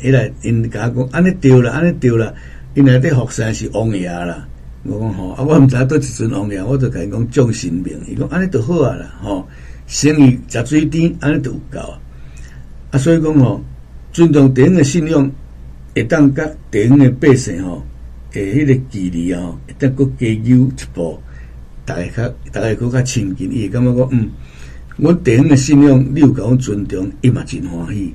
起來，因甲阮講安尼着啦，安尼着啦。因內底學生是王爺啦，我講吼，啊，我毋知倒一尊王爺，我就甲因講張信明。伊講安尼就好啊啦，吼、哦，生意食水甜，安尼就有夠啊。啊，所以講吼，尊重地方嘅信仰，會當甲地方嘅百姓吼，誒、哦，迄、那個距離吼，會當佫加久一步，逐個較逐個佫較親近，伊感覺講，嗯，阮地方嘅信仰，你有甲阮尊重，伊嘛真歡喜。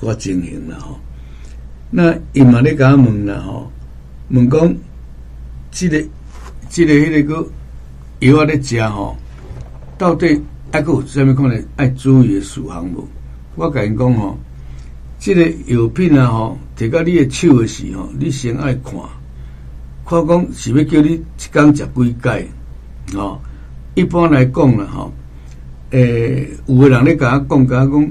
我經營了吼，那伊嘛咧甲問啦吼，問講，即、這個即、這個迄個個藥啊咧食吼，到底抑閣有啥物看咧愛注意嘅事項無？我甲因講吼，即、這個藥品啊吼，摕到你嘅手嘅時吼，你先愛看。看講是要叫你一工食幾解，吼？一般來講啦吼，誒、欸，有個人咧甲講，甲講。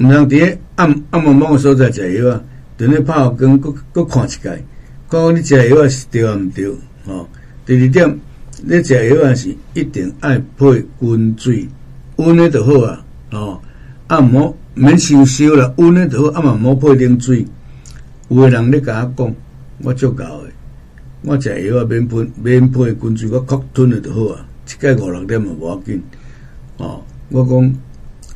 唔能啲暗暗摩某誒所在食藥啊，同你拍下光，各各看一屆，講你食藥是着啊毋着，吼、哦。第二點，你食藥啊，是一定愛配滾水，温、嗯、誒就好啊，哦。按、啊、摩免燒燒啦，温、嗯、誒就好。按摩毋好配冷水，有誒人甲我講，我足夠誒。我食藥啊免配，免配滾水，我吸吞誒就好啊，一過五六點啊無要緊，吼、哦。我講。